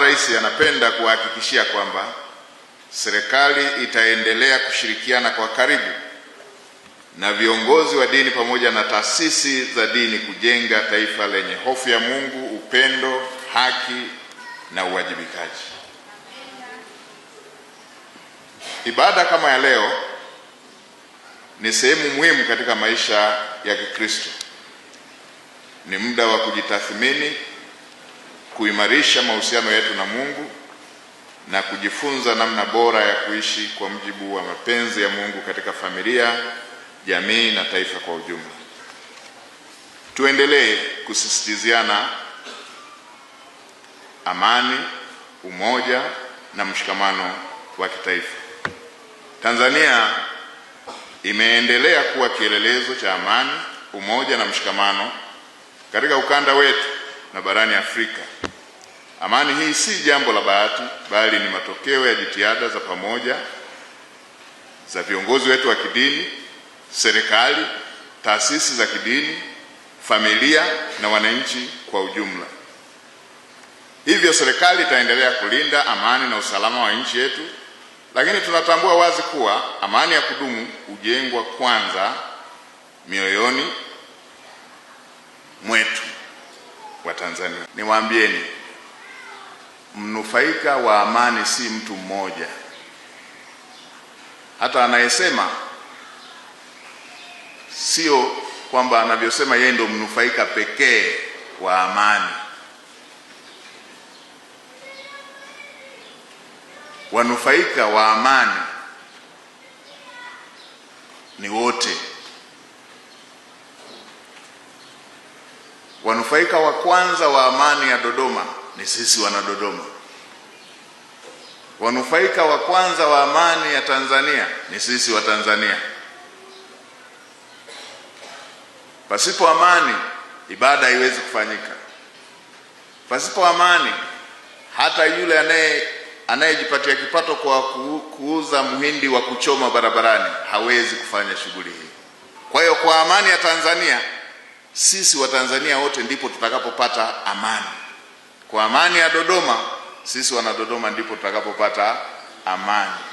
Rais anapenda kuhakikishia kwamba serikali itaendelea kushirikiana kwa karibu na viongozi wa dini pamoja na taasisi za dini kujenga taifa lenye hofu ya Mungu, upendo, haki na uwajibikaji. Ibada kama ya leo ni sehemu muhimu katika maisha ya Kikristo. Ni muda wa kujitathmini kuimarisha mahusiano yetu na Mungu na kujifunza namna bora ya kuishi kwa mujibu wa mapenzi ya Mungu katika familia, jamii na taifa kwa ujumla. Tuendelee kusisitiziana amani, umoja na mshikamano wa kitaifa. Tanzania imeendelea kuwa kielelezo cha amani, umoja na mshikamano katika ukanda wetu na barani Afrika. Amani hii si jambo la bahati, bali ni matokeo ya jitihada za pamoja za viongozi wetu wa kidini, serikali, taasisi za kidini, familia na wananchi kwa ujumla. Hivyo serikali itaendelea kulinda amani na usalama wa nchi yetu, lakini tunatambua wazi kuwa amani ya kudumu hujengwa kwanza mioyoni mwetu wa Tanzania. Niwaambieni, mnufaika wa amani si mtu mmoja. Hata anayesema sio kwamba anavyosema yeye ndio mnufaika pekee wa amani. Wanufaika wa amani ni wote. Wanufaika wa kwanza wa amani ya Dodoma ni sisi Wanadodoma. Wanufaika wa kwanza wa amani ya Tanzania ni sisi wa tanzania Pasipo amani, ibada haiwezi kufanyika. Pasipo amani, hata yule anaye anayejipatia kipato kwa kuuza mhindi wa kuchoma barabarani hawezi kufanya shughuli hii. Kwa hiyo, kwa amani ya Tanzania sisi Watanzania wote ndipo tutakapopata amani. Kwa amani ya Dodoma, sisi Wanadodoma ndipo tutakapopata amani.